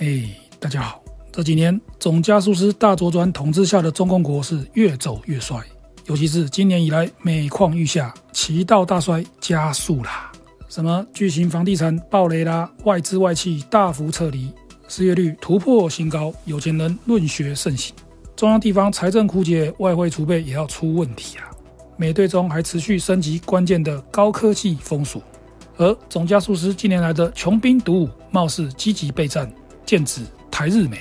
哎、hey，大家好！這幾年總加速師大左轉統治下的中共國是越走越衰，尤其是今年以來每況愈下，其道大衰加速啦。什麼巨型房地產爆雷啦，外資外企大幅撤離，失業率突破新高，有錢人潤學盛行，中央地方財政枯竭，外匯儲備也要出問題啊。美對中還持續升級關鍵的高科技封鎖，而總加速師近年來的窮兵黷武，貌似積極備戰。劍指台日美，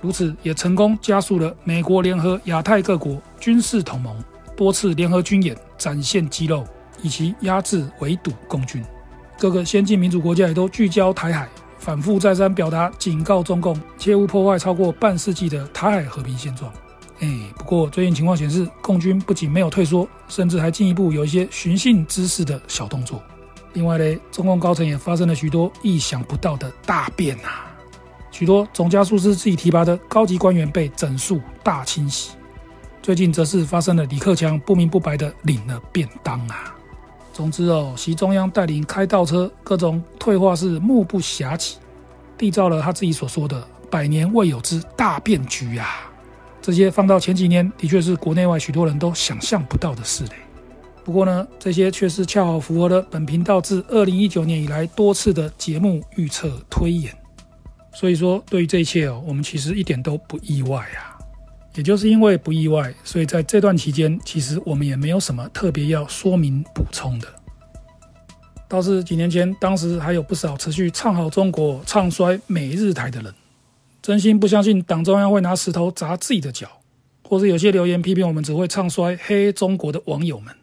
如此也成功加速了美國聯合亞太各國軍事同盟多次聯合軍演，展現肌肉，以及壓制圍堵共軍。各個先進民主國家也都聚焦台海，反覆再三表達警告中共，切勿破壞超過半世紀的台海和平現狀。哎，不過最近情況顯示，共軍不僅沒有退縮，甚至還進一步有一些尋釁滋事的小動作。另外嘞，中共高層也發生了許多意想不到的大變啊。許多總加速師自己提拔的高級官員被整數大清洗，最近則是發生了李克強不明不白的領了便當啊。總之哦，習中央帶領開倒車，各種退化是目不暇給，締造了他自己所說的百年未有之大變局呀、啊。這些放到前幾年，的確是國內外許多人都想象不到的事嘞。不過呢，這些卻是恰好符合了本頻道自二零一九年以來多次的節目預測推演。所以說，對於這一切哦，我們其實一點都不意外啊。也就是因為不意外，所以在這段期間，其實我們也沒有什麼特別要說明補充的。倒是幾年前，當時還有不少持續唱好中國、唱衰美日台的人，真心不相信黨中央會拿石頭砸自己的腳，或是有些留言批評我們只會唱衰黑中國的網友們，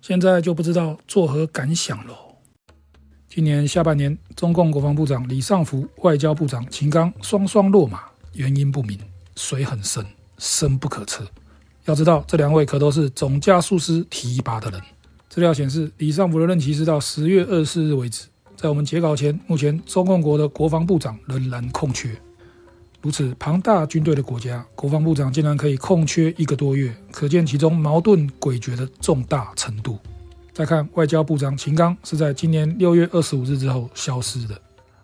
現在就不知道作何感想嘍。今年下半年，中共國防部長李尚福、外交部長秦剛雙雙落馬，原因不明，水很深，深不可測。要知道，這兩位可都是總加速師提拔的人。資料顯示，李尚福的任期是到十月二十四日為止。在我們截稿前，目前中共國的國防部長仍然空缺。如此龐大軍隊的國家，國防部長竟然可以空缺一個多月，可見其中矛盾詭譎的重大程度。再看外交部長秦剛是在今年六月二十五日之後消失的，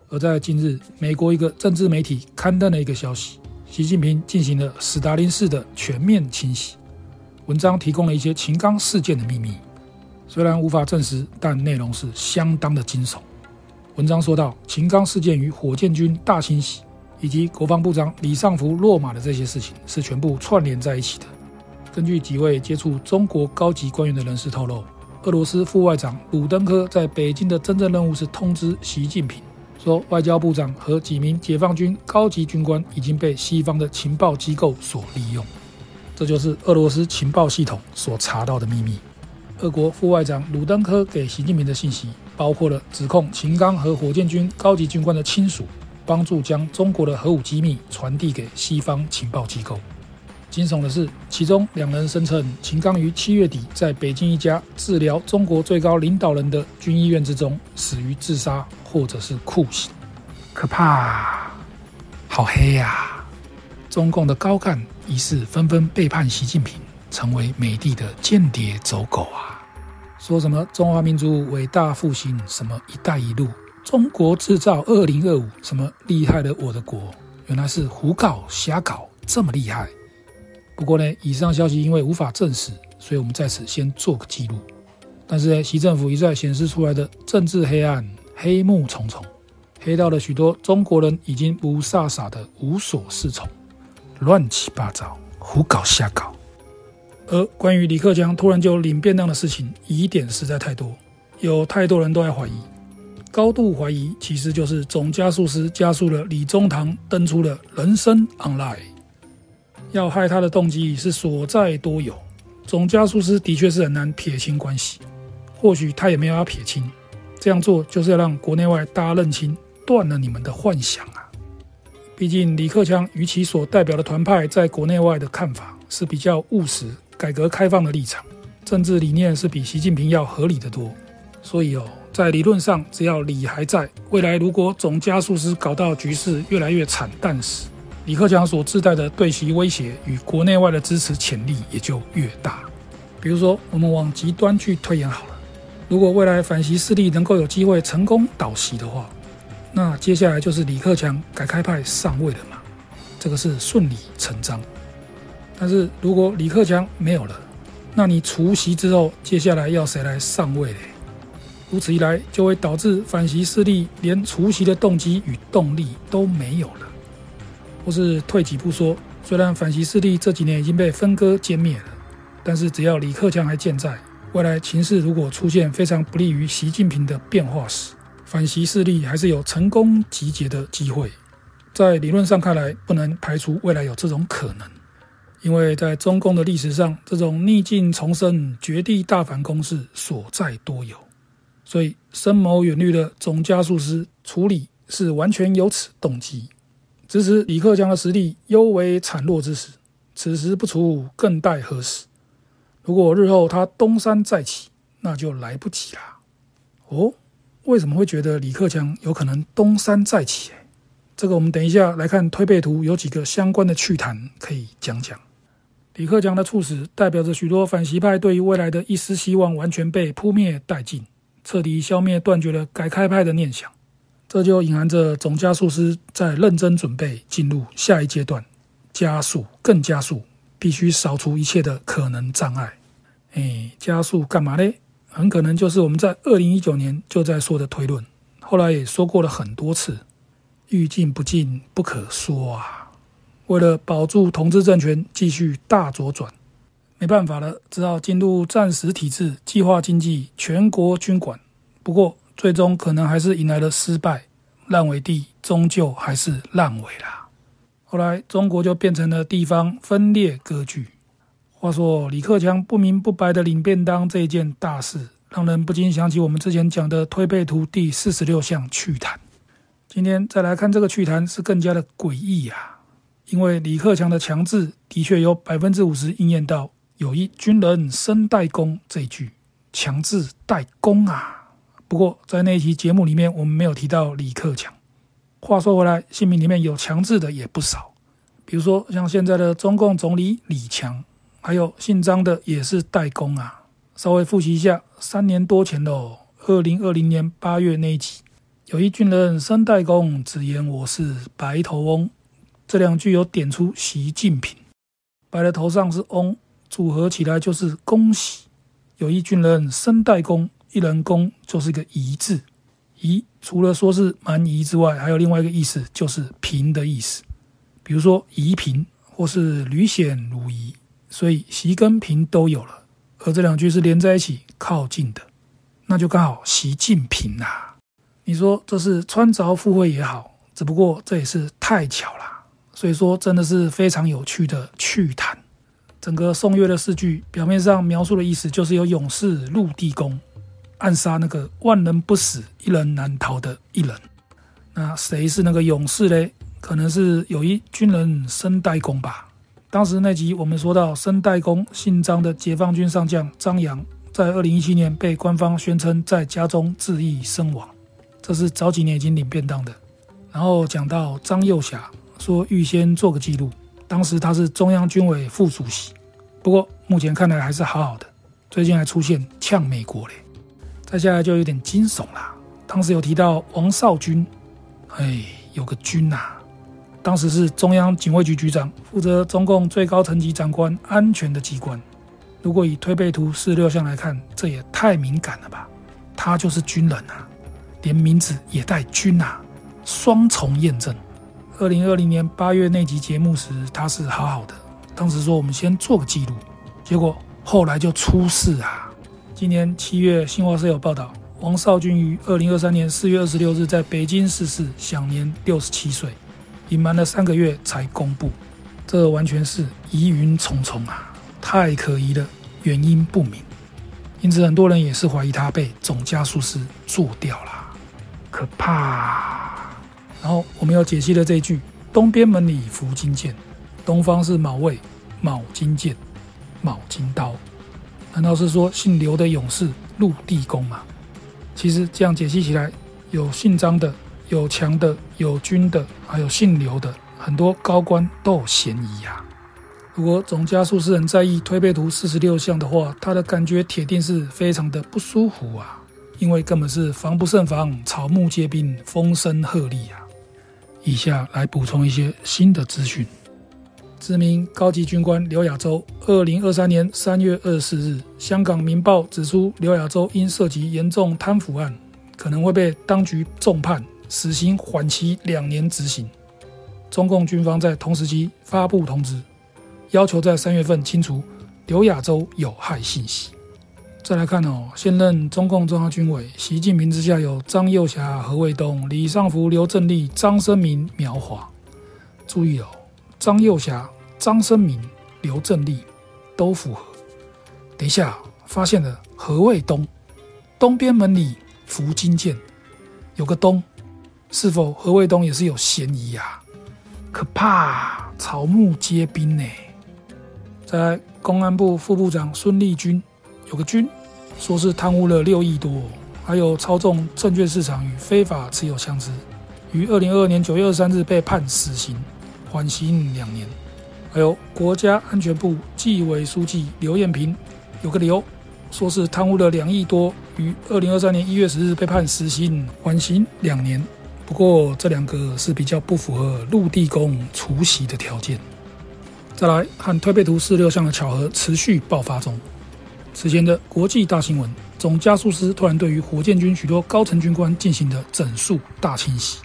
而在近日，美國一個政治媒體刊登了一個消息，習近平進行了史達林式的全面清洗。文章提供了一些秦剛事件的秘密，雖然無法證實，但內容是相當的驚悚。文章說到，秦剛事件與火箭軍大清洗以及國防部長李尚福落馬的這些事情是全部串聯在一起的。根據幾位接觸中國高級官員的人士透露。俄羅斯副外長魯登科在北京的真正任務是通知習近平，說外交部長和幾名解放軍高級軍官已經被西方的情報機構所利用。這就是俄羅斯情報系統所查到的秘密。俄國副外長魯登科給習近平的信息，包括了指控秦剛和火箭軍高級軍官的親屬，幫助將中國的核武機密傳遞給西方情報機構。驚悚的是，其中兩人聲稱秦剛於七月底在北京一家治療中國最高領導人的軍醫院之中死於自殺或者是酷刑。可怕啊，好黑呀啊！中共的高幹疑似紛紛背叛習近平，成為美帝的間諜走狗啊！說什麼中華民族偉大復興，什麼“一帶一路”，中國製造二零二五，什麼厲害了，我的國，原來是胡搞瞎搞，這麼厲害！不過呢，以上消息因為無法證實，所以我們在此先做個記錄。但是呢，習政府一再顯示出來的政治黑暗、黑幕重重，黑到了許多中國人已經無煞煞的無所適從，亂七八糟、胡搞瞎搞。而關於李克強突然就領便當的事情，疑點實在太多，有太多人都在懷疑，高度懷疑其實就是總加速師加速了李中堂登出了人生 online。要害他的動機是所在多有，總加速師的確是很難撇清關係，或許他也沒有要撇清，這樣做就是要讓國內外大家認清，斷了你們的幻想啊！畢竟李克強與其所代表的團派在國內外的看法是比較務實、改革開放的立場，政治理念是比習近平要合理得多，所以哦，在理論上，只要理還在，未來如果總加速師搞到局勢越來越慘淡時，李克強所自帶的對習威脅與國內外的支持潛力也就越大。比如說，我們往極端去推演好了，如果未來反習勢力能夠有機會成功倒習的話，那接下來就是李克強改開派上位了嘛，這個是順理成章。但是如果李克強沒有了，那你除習之後，接下來要誰來上位呢？如此一來，就會導致反習勢力連除習的動機與動力都沒有了。或是退幾步說，雖然反習勢力這幾年已經被分割殲滅了，但是只要李克強還健在，未來情勢如果出現非常不利於習近平的變化時，反習勢力還是有成功集結的機會。在理論上看來，不能排除未來有這種可能，因為在中共的歷史上，這種逆境重生、絕地大反攻勢所在多有，所以深謀遠慮的總加速師處理是完全有此動機。此時，李克強的實力尤為孱弱之時，此時不除，更待何時？如果日後他東山再起，那就來不及啦。哦，為什麼會覺得李克強有可能東山再起？哎，這個我們等一下來看推背圖，有幾個相關的趣談可以講講。李克強的猝死，代表着許多反習派對於未來的一絲希望完全被撲滅殆盡，徹底消滅，斷絕了改開派的念想。這就隱含着總加速師在認真準備進入下一階段，加速更加速，必須掃除一切的可能障礙。誒，加速幹嘛呢？很可能就是我們在二零一九年就在說的推論，後來也說過了很多次。欲進不進，不可說啊！為了保住統治政權，繼續大左轉，沒辦法了，只好進入戰時體制、計劃經濟、全國軍管。不過，最終可能還是迎來了失敗，爛尾地終究還是爛尾啦。後來中國就變成了地方分裂割據。話說李克強不明不白的領便當這一件大事，讓人不禁想起我們之前講的推背圖第四十六象趣談。今天再來看這個趣談，是更加的詭異啊！因為李克強的強制的確有百分之五十應驗到“有一軍人身帶弓”這一句，強制帶弓啊！不過，在那一期節目裡面，我們沒有提到李克強。話說回來，姓名裡面有“強”字的也不少，比如說像現在的中共總理李強，還有姓張的也是代工啊。稍微複習一下，三年多前嘍，二零二零年八月那一期，有一軍人身帶弓，只言我是白頭翁，這兩句有點出習近平，白的頭上是“翁”，組合起來就是“恭喜”。有一軍人身帶弓。一人弓就是一個夷字，夷除了說是蠻夷之外，還有另外一個意思就是平的意思，比如說夷平或是履險如夷，所以習跟平都有了，而這兩句是連在一起靠近的，那就剛好習近平啦、啊。你說這是穿鑿附會也好，只不過這也是太巧啦，所以說真的是非常有趣的趣談。整個宋岳的四句表面上描述的意思就是有勇士入地宮。暗殺那個萬人不死，一人難逃的一人，那誰是那個勇士嘞？可能是有一軍人申代公吧。當時那集我們說到申代公姓張的解放軍上將張楊，在二零一七年被官方宣稱在家中自縊身亡。這是早幾年已經領便當的。然後講到張幼俠，說預先做個記錄，當時他是中央軍委副主席，不過目前看來還是好好的。最近還出現嗆美國嘞。接下來就有點驚悚啦、啊。當時有提到王少軍哎，有個軍吶、啊。當時是中央警衛局局長，負責中共最高層級長官安全的機關。如果以推背圖四六象來看，這也太敏感了吧？他就是軍人啊，連名字也帶軍啊，雙重驗證。二零二零年八月那集節目時，他是好好的。當時說我們先做個記錄，結果後來就出事啊。今年七月，新華社有報道，王少軍於二零二三年四月二十六日在北京逝世，享年六十七歲，隱瞞了三個月才公布，這個、完全是疑雲重重啊，太可疑了，原因不明，因此很多人也是懷疑他被總加速師做掉了，可怕、啊。然後我們要解析了這一句“東邊門裡伏金劍”，東方是卯位，卯金劍，卯金刀。難道是說姓劉的勇士入地宮嗎、啊？其實這樣解析起來，有姓張的，有強的，有軍的，還有姓劉的，很多高官都有嫌疑啊！如果總家數是很在意推背圖四十六象的話，他的感覺鐵定是非常的不舒服啊，因為根本是防不勝防，草木皆兵，風聲鶴唳啊！以下來補充一些新的資訊。知名高級軍官劉亞洲，二零二三年三月二十四日，香港《明報》指出，劉亞洲因涉及嚴重貪腐案，可能會被當局重判，死刑緩期兩年執行。中共軍方在同時期發布通知，要求在三月份清除劉亞洲有害信息。再來看哦，現任中共中央軍委，習近平之下有張又俠、何衛東、李尚福、劉振立、張升民、苗華。注意哦。張又俠、張升民、劉振立都符合。等一下發現了何衛東，東邊門裡伏金劍，有個東，是否何衛東也是有嫌疑呀、啊？可怕，草木皆兵呢。在公安部副部長孫力軍，有個軍，說是貪污了六億多，還有操縱證券市場與非法持有槍支，於二零二二年九月二十三日被判死刑。緩刑兩年，還有國家安全部紀委書記劉彥平，有個理由說是貪污了兩億多，於二零二三年一月十日被判死刑，緩刑兩年。不過這兩個是比較不符合陸地公除夕的條件。再來看推背圖四六象的巧合持續爆發中，此前的國際大新聞，總加速師突然對於火箭軍許多高層軍官進行的整肅大清洗，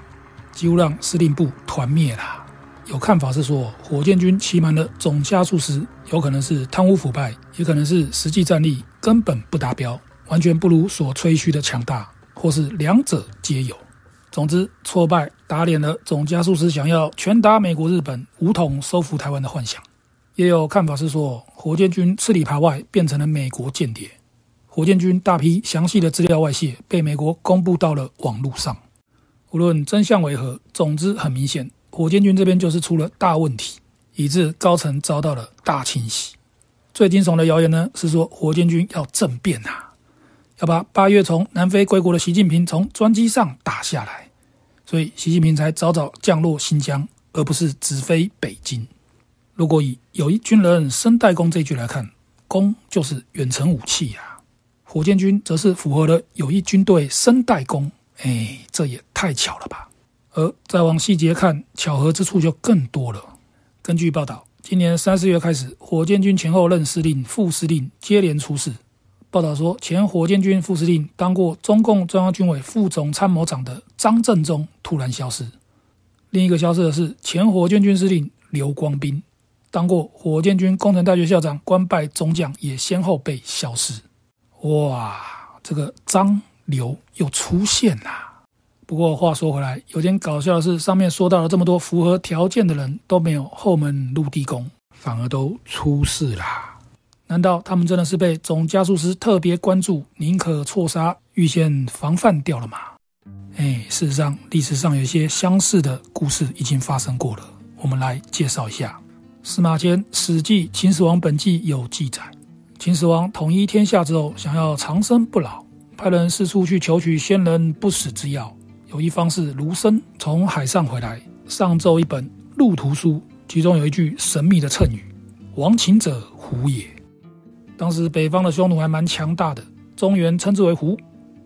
幾乎讓司令部團滅了。有看法是說，火箭軍欺瞞了總加速師，有可能是貪污腐敗，也可能是實際戰力根本不達標，完全不如所吹噓的強大，或是兩者皆有。總之，挫敗打臉了總加速師想要拳打美國、日本武統收復台灣的幻想。也有看法是說，火箭軍吃裡扒外，變成了美國間諜。火箭軍大批詳細的資料外泄，被美國公布到了網絡上。無論真相為何，總之很明顯。火箭軍這邊就是出了大問題，以致高層遭到了大清洗。最驚悚的謠言呢，是說火箭軍要政變啊，要把八月從南非歸國的習近平從專機上打下來。所以習近平才早早降落新疆，而不是直飛北京。如果以「有一軍人身帶弓」這句來看，「弓」就是遠程武器啊，火箭軍則是符合了「有一軍隊身帶弓」，哎，這也太巧了吧。而再往細節看，巧合之處就更多了。根據報道，今年三四月開始，火箭軍前後任司令、副司令接連出事。報道說，前火箭軍副司令、當過中共中央軍委副總參謀長的張振中突然消失；另一個消失的是前火箭軍司令劉光斌，當過火箭軍工程大學校長、官拜中將，也先後被消失。哇，這個張劉又出現了、啊。不過話說回來，有點搞笑的是，上面說到了這麼多符合條件的人，都沒有後門入地宮，反而都出事啦。難道他們真的是被總加速師特別關注，寧可錯殺，預先防範掉了嗎？哎，事實上，歷史上有些相似的故事已經發生過了。我們來介紹一下，《司馬遷史記·秦始皇本紀》有記載：秦始皇統一天下之後，想要長生不老，派人四處去求取仙人不死之藥。有一方是盧生從海上回來，上奏一本路途書，其中有一句神秘的讖語：“亡秦者胡也。”當時北方的匈奴還蠻強大的，中原稱之為胡。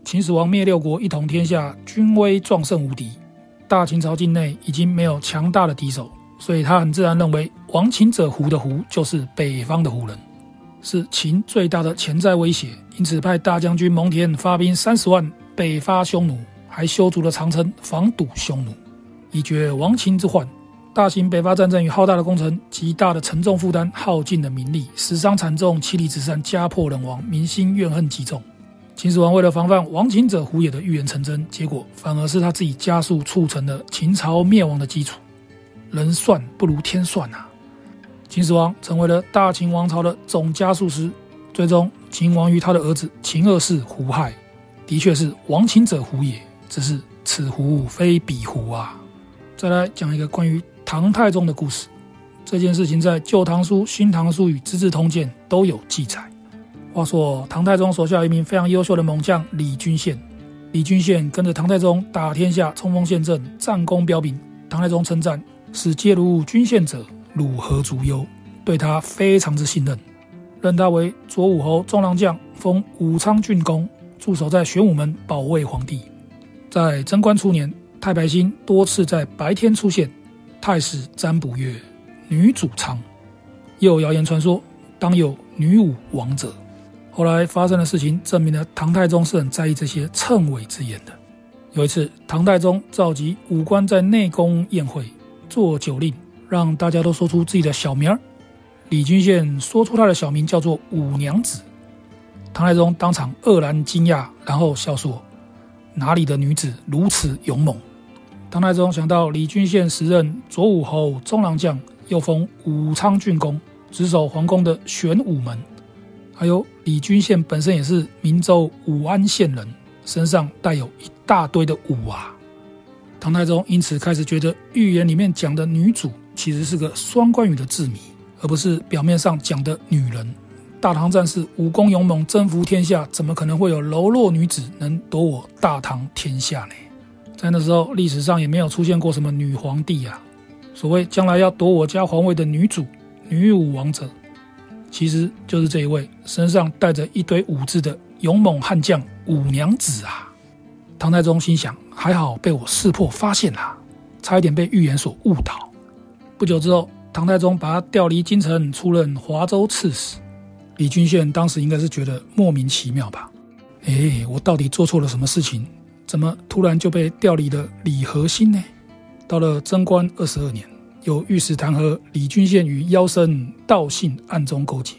秦始皇滅六國，一統天下，軍威壯盛無敵，大秦朝境內已經沒有強大的敵手，所以他很自然認為“亡秦者胡”的“胡”就是北方的胡人，是秦最大的潛在威脅，因此派大將軍蒙恬發兵三十萬北伐匈奴。還修築了長城，防堵匈奴，以絕亡秦之患。大型北伐戰爭與浩大的工程，極大的沉重負擔耗盡了民力，死傷慘重，妻離子散，家破人亡，民心怨恨極重。秦始皇為了防範“亡秦者胡也”的預言成真，結果反而是他自己加速促成了秦朝滅亡的基礎。人算不如天算啊！秦始皇成為了大秦王朝的總加速師，最終秦亡於他的兒子秦二世胡亥，的確是“亡秦者胡也”。只是此湖非彼湖啊！再來講一個關於唐太宗的故事。這件事情在《舊唐書》《新唐書》與《資治通鑑》都有記載。話說唐太宗手下一名非常優秀的猛將李君羨，李君羨跟着唐太宗打天下，衝鋒陷陣，戰功彪炳。唐太宗稱讚：“使皆如君羨者，虜何足憂？”對他非常之信任，任他為左武侯中郎將，封武昌郡公，駐守在玄武門保衛皇帝。在貞觀初年，太白星多次在白天出現，太史占卜曰：“女主昌。”又謠言傳說，當有女武王者。後來發生的事情證明了唐太宗是很在意這些讖緯之言的。有一次，唐太宗召集武官在內宮宴會，做酒令，讓大家都說出自己的小名兒。李君羨說出他的小名叫做“武娘子”，唐太宗當場愕然驚訝，然後笑說。哪裡的女子如此勇猛？唐太宗想到李君羨時任左武侯中郎將，又封武昌郡公，值守皇宮的玄武門，還有李君羨本身也是明州武安縣人，身上帶有一大堆的武啊。唐太宗因此開始覺得預言裡面講的女主其實是個雙關語的字謎，而不是表面上講的女人。大唐戰士武功勇猛，征服天下，怎麼可能會有柔弱女子能奪我大唐天下呢？在那時候，歷史上也沒有出現過什麼女皇帝呀、啊。所謂將來要奪我家皇位的女主、女武王者，其實就是這一位身上帶着一堆武字的勇猛悍將武娘子啊。唐太宗心想：還好被我識破發現啊，差一點被預言所誤導。不久之後，唐太宗把他調離京城，出任華州刺史。李君羨當時應該是覺得莫名其妙吧？誒，我到底做錯了什麼事情？怎麼突然就被調離了李和心呢？到了貞觀二十二年，有御史彈劾李君羨與妖僧道信暗中勾結，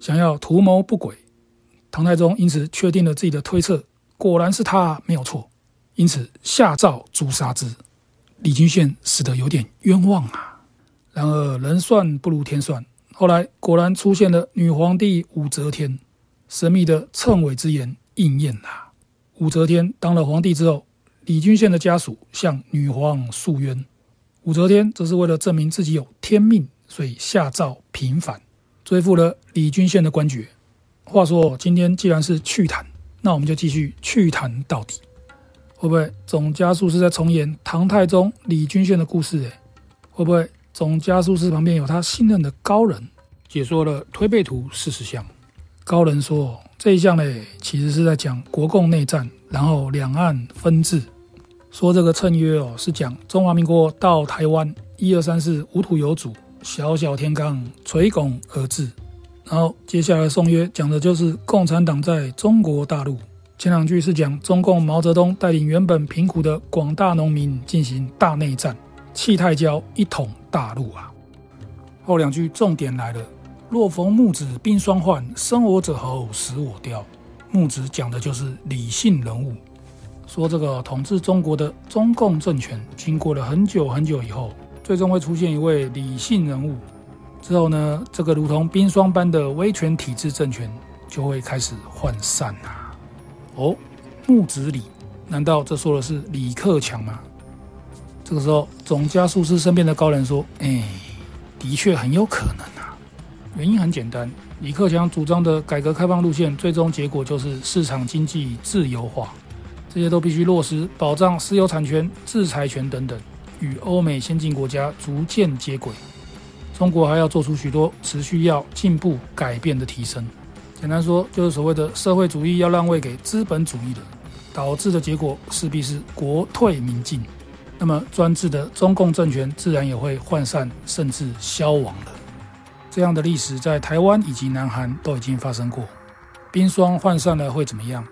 想要圖謀不軌。唐太宗因此確定了自己的推測，果然是他沒有錯，因此下詔誅殺之。李君羨死得有點冤枉啊！然而人算不如天算。後來果然出現了女皇帝武則天，神秘的讖緯之言應驗啦、啊。武則天當了皇帝之後，李君羨的家屬向女皇訴冤，武則天則是為了證明自己有天命，所以下詔平反，追復了李君羨的官爵。話說今天既然是趣談，那我們就繼續趣談到底，會不會總加速師是在重演唐太宗李君羨的故事？哎，會不會總加速師旁邊有他信任的高人？解說了推背圖四十象，高人說這一象呢，其實是在講國共內戰，然後兩岸分治。說這個讖曰哦，是講中華民國到台灣，一二三四，無土有主，小小天罡，垂拱而治。然後接下來頌曰講的就是共產黨在中國大陸，前兩句是講中共毛澤東帶領原本貧苦的廣大農民進行大內戰，氣太驕，一統大陸啊。後、哦、兩句重點來了。若逢木子冰霜渙，生我者猴，死我雕。木子講的就是理性人物，說這個統治中國的中共政權，經過了很久很久以後，最終會出現一位理性人物。之後呢，這個如同冰霜般的威權體制政權就會開始渙散啊。哦，木子李，難道這說的是李克強嗎？這個時候，總加速師身邊的高人說：“哎，的確很有可能。”原因很簡單，李克強主張的改革開放路線，最終結果就是市場經濟自由化，這些都必須落實，保障私有產權、自財權等等，與歐美先進國家逐漸接軌。中國還要做出許多持續要進步、改變的提升。簡單說，就是所謂的社會主義要讓位給資本主義的，導致的結果勢必是國退民進，那麼專制的中共政權自然也會渙散，甚至消亡了。這樣的歷史在台灣以及南韓都已經發生過。冰霜渙散了會怎麼樣？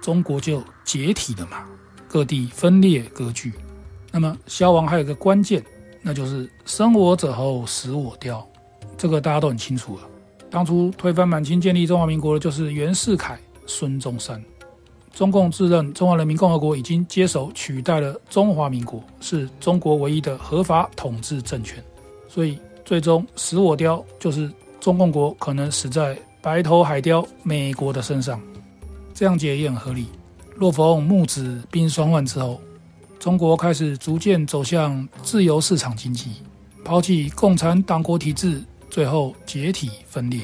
中國就解體了嘛，各地分裂割據。那麼消亡還有一個關鍵，那就是生我者猴死我鵰。這個大家都很清楚了。當初推翻滿清建立中華民國的就是袁世凱、孫中山。中共自認中華人民共和國已經接手取代了中華民國，是中國唯一的合法統治政權，所以。最終，死我雕就是中共國可能死在白頭海雕美國的身上，這樣解也很合理。若逢木子冰霜渙之後，中國開始逐漸走向自由市場經濟，拋棄共產黨國體制，最後解體分裂，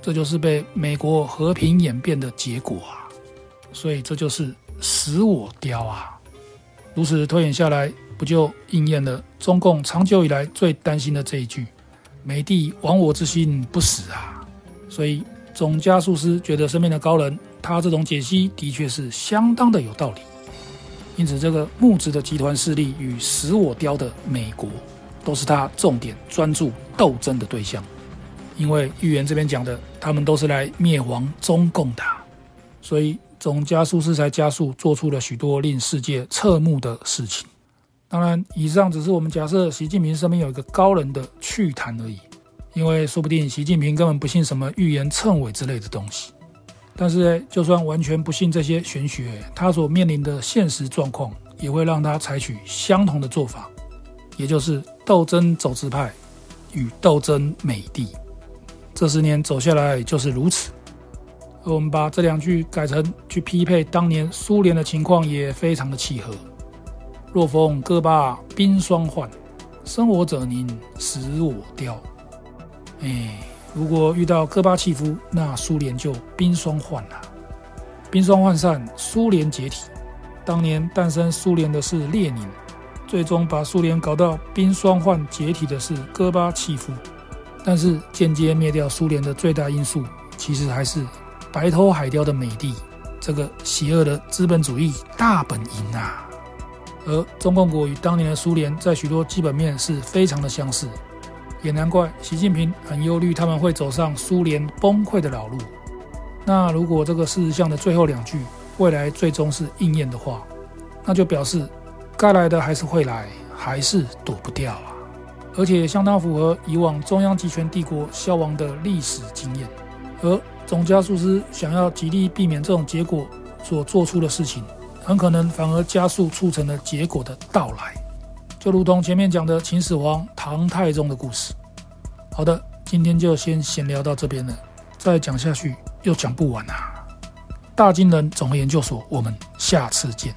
這就是被美國和平演變的結果啊！所以這就是死我雕啊！如此推演下來，不就應驗了中共長久以來最擔心的這一句？美帝亡我之心不死啊，所以總加速師覺得身邊的高人，他這種解析的確是相當的有道理。因此，這個木子的集團勢力與死我雕的美國，都是他重點專注鬥爭的對象。因為預言這邊講的，他們都是來滅亡中共的，所以總加速師才加速做出了許多令世界側目的事情。當然，以上只是我們假設習近平身邊有一個高人的趣談而已，因為說不定習近平根本不信什麼預言讖緯之類的東西。但是，就算完全不信這些玄學，他所面臨的現實狀況也會讓他採取相同的做法，也就是鬥爭走資派與鬥爭美帝。這十年走下來就是如此。而我們把這兩句改成去匹配當年蘇聯的情況，也非常的契合。若逢戈巴冰霜渙，生我者寧，死我雕、哎。如果遇到戈巴契夫，那蘇聯就冰霜渙了、啊。冰霜渙散，蘇聯解體。當年誕生蘇聯的是列寧，最終把蘇聯搞到冰霜渙解體的是戈巴契夫。但是，間接滅掉蘇聯的最大因素，其實還是白頭海雕的美帝，這個邪惡的資本主義大本營啊！而中共國與當年的蘇聯在許多基本面是非常的相似，也難怪習近平很憂慮他們會走上蘇聯崩潰的老路。那如果這個四十象的最後兩句未來最終是應驗的話，那就表示該來的還是會來，還是躲不掉啊！而且相當符合以往中央集權帝國消亡的歷史經驗。而總加速師想要極力避免這種結果所做出的事情。很可能反而加速促成了結果的到來，就如同前面講的秦始皇、唐太宗的故事。好的，今天就先閒聊到這邊了，再講下去又講不完啊！大金人綜合研究所，我們下次見。